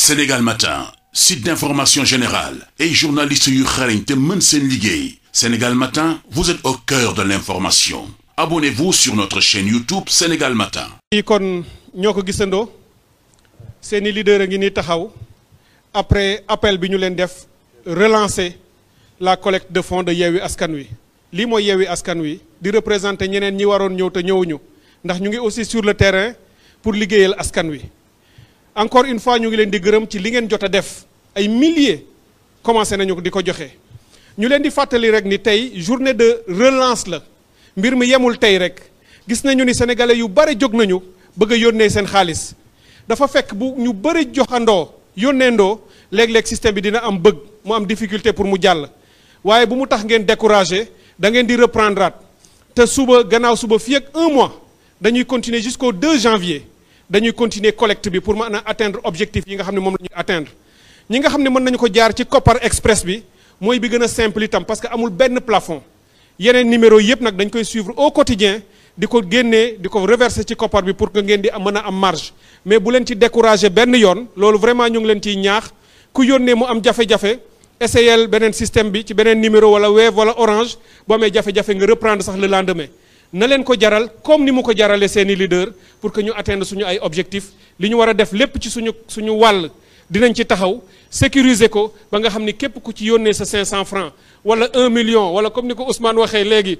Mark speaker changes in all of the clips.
Speaker 1: Sénégal Matin site d'information générale ay journalistes yu xarañ te mën seen liggéey Sénégal Matin vous êtes au cœur de l'information abonnez-vous sur notre chaîne YouTube Sénégal Matin
Speaker 2: yi kon ñoo ko gisandoo seeni leader a ngi ni taxaw après appel bi ñu leen def relancer la collecte de fonds de Yewwi Askan Wi lii mooy Yewwi Askan Wi di représenter ñeneen ñi waroon ñëw te ñëwuñu ndax ñu ngi aussi sur le terrain pour liggéeyal askan wi encore une fois ñu ngi leen di gërëm ci li ngeen jot a def ay milliers commencé nañu di ko joxe ñu leen di fàttali rek ni tey journée de relance la mbir mi yemul tey rek gis nañu ni sénégalais yu bare jóg nañu bëgg yónnee seen xaalis dafa fekk bu ñu bëri joxandoo yónneendoo léeg-léeg système bi dina am bëgg mu am difficulté pour mu jàll waaye bu mu tax ngeen découragé da ngeen di reprendre te suba gannaaw suba fii ak un mois dañuy continuer jusqu'au 2 janvier. dañuy continuer collecte bi pour mën a atteindre objectif yi nga xam ne moom la nga xam ne mën nañu ko jaar ci koppar Express bi mooy bi gën a simple itam parce que amul benn plafond yeneen numéro yëpp nag dañ koy suivre au quotidien di ko génnee di ko reverser ci koppar bi pour que ngeen di mën a am marge mais bu leen ci décourager benn yoon loolu vraiment ñu ngi leen ciy ñaax ku yónnee mu am jafe-jafe essayel beneen système bi ci beneen numéro wala Wave wala Orange boo amee jafe nga reprendre sax le lendemain na leen ko jaral comme ni mu ko jarale seeni leader pour que ñu atteindre suñu ay objectifs li ñu war a def lépp ci suñu suñu wàll dinañ ci taxaw sécuriser ko ba nga xam ni képp ku ci yónnee sa cinq cent francs wala un million wala comme ni ko Ousmane waxee léegi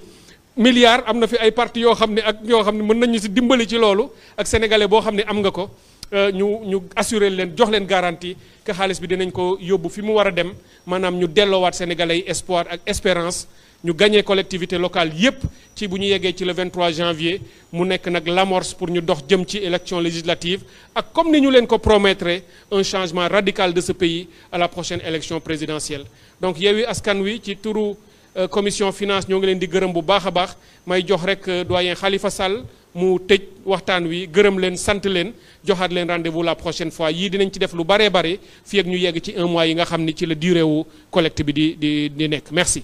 Speaker 2: milliard am na fi ay parti yoo xam ne ak yoo xam ne mën nañu si dimbali ci loolu ak sénégalais boo xam ne am nga ko. Euh, ñu ñu assuré leen jox leen garantie que xaalis bi dinañ ko yóbbu fi mu war a dem maanaam ñu delloowaat sénégalais yi ak espérance ñu gañee collectivité locale yépp ci bu ñu yeggee ci le 23 janvier mu nekk nag l'amorce pour ñu dox jëm ci élection législative ak comme ni ñu leen ko promettre un changement radical de ce pays à la prochaine élection présidentielle donc Yewwi Askan Wi ci turu euh, commission finance ñoo ngi leen di gërëm bu baax a baax may jox rek euh, doyen Khalifa Sall mu tëj waxtaan wi gërëm leen sant leen joxaat leen rendez-vous la prochaine fois yii dinañ ci def lu baree bare fii ak ñu yegg ci un yi nga xam ni ci la durée wu collecte bi di di di nekk merci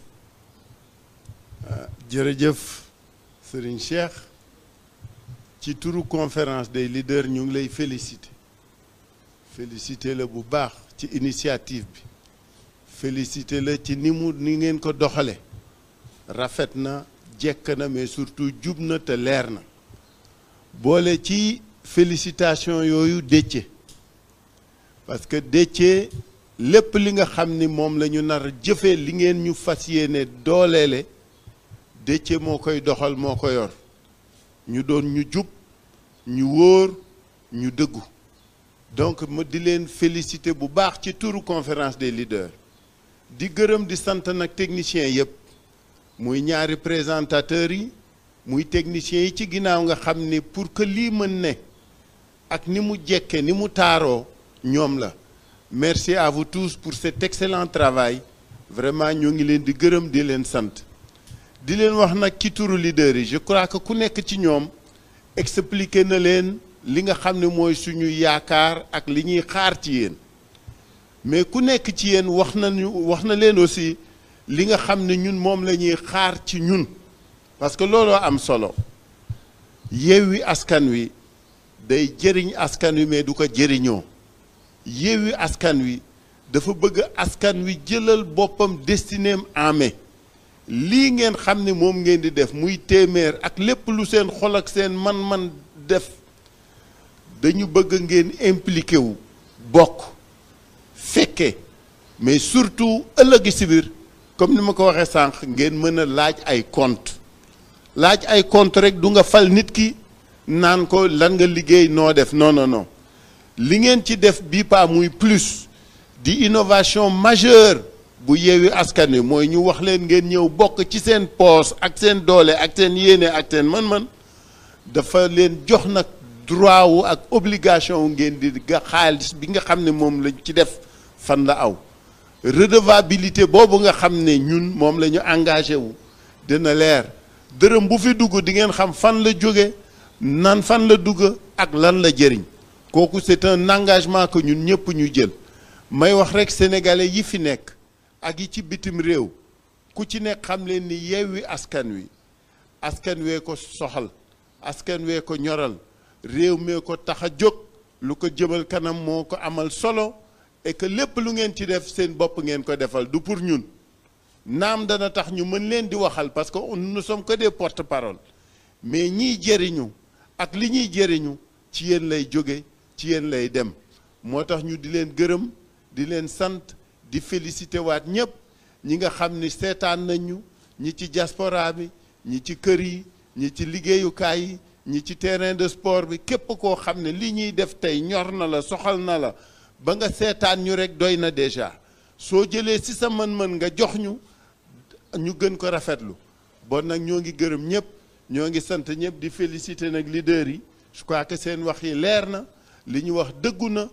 Speaker 1: jërëjëf Serigne Cheikh ci turu conférence des leaders ñu ngi lay félicité félicité la bu baax ci initiative bi félicité la ci ni mu ni ngeen ko doxale rafet na jekk na mais surtout jub na te leer na boole ci félicitation yooyu Déthié parce que Déthié lépp li nga xam ni moom lañu ñu nar jëfee li ngeen ñu fas yéene dooleele Déthié moo koy doxal moo ko yor ñu doon ñu jub ñu wóor ñu dëggu donc ma di leen félicité bu baax ci turu conférence des leaders di gërëm di sant nag techniciens yëpp muy ñaari présentateurs yi muy techniciens yi ci ginnaaw nga xam ni pour que lii mën ne ak ni mu jekke ni mu taaroo ñoom la merci à vous tous pour cet excellent travail vraiment ñoo ngi leen di gërëm di leen sant di leen wax nag ci turu leader yi je crois que ku nekk ci ñoom expliqué na leen li nga xam ne mooy suñu yaakaar ak li ñuy xaar ci yéen mais ku nekk ci yeen wax nañu wax na leen aussi li nga xam ne ñun moom la ñuy xaar ci ñun parce que looloo am solo Yewwi Askan Wi day jëriñ askan wi mais du ko jëriñoo Yewwi Askan Wi dafa bëgg askan wi jëlal boppam destinéem ame lii ngeen xam ne moom ngeen di def muy téeméer ak lépp lu seen xol ak seen man-man def dañu bëgg ngeen impliqué wu bokk fekke mais surtout ëllëg si sibir comme ni ma ko waxee sànq ngeen mën a laaj ay compte laaj ay compte rek du nga fal nit ki naan ko lan nga liggéey noo def non non li ngeen ci def bii pas muy plus di innovation majeure bu yeewi askan wi mooy ñu wax leen ngeen ñëw bokk ci seen poos ak seen doole ak seen yéene ak seen mën-mën dafa leen jox nag droit wu ak obligation wu ngeen di nga xaalis bi nga xam ne moom lañ ci def fan la aw redevabilité boobu nga xam ne ñun moom la ñu engagé wu dina leer dërëm bu fi dugg di ngeen xam fan la jóge naan fan la dugg ak lan la jëriñ kooku c'est un engagement que ñun ñëpp ñu jël may wax rek sénégalais yi fi nekk ak yi ci bitim réew ku ci nekk xam leen ni Yewwi Askan Wi askan wee ko soxal askan wee ko ñoral réew mee ko tax a jóg lu ko jëmal kanam moo ko amal solo et lépp lu ngeen ci def seen bopp ngeen ko defal du pour ñun naam dana tax ñu mën leen di waxal parce que nous ne sommes que porte-parole mais ñiy jëriñu ak li ñuy jëriñu ci yéen lay jóge ci yéen lay dem moo tax ñu di leen gërëm di leen sant di félicité waat ñëpp ñi nga xam ni seetaan nañu ñi ci diaspora bi ñi ci kër yi ñi ci liggéeyukaay yi ñi ci terrain de sport bi képp koo xam ne li ñuy def tey ñor na la soxal na la ba nga seetaan ñu rek doy na déjà soo jëlee ci sa mën-mën nga jox ñu ñu gën ko rafetlu bon nag ñoo ngi gërëm ñëpp ñoo ngi sant ñëpp di féliciter nag li leader yi je crois que seen wax yi leer na li ñu wax dëggu na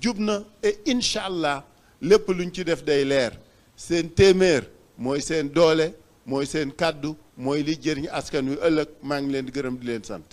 Speaker 1: jub na et incha allah lépp lu luñ ci def day leer seen téeméer mooy seen doole mooy seen kàddu mooy li jëriñ askan wi ëllëg maa ngi leen gërëm di leen sant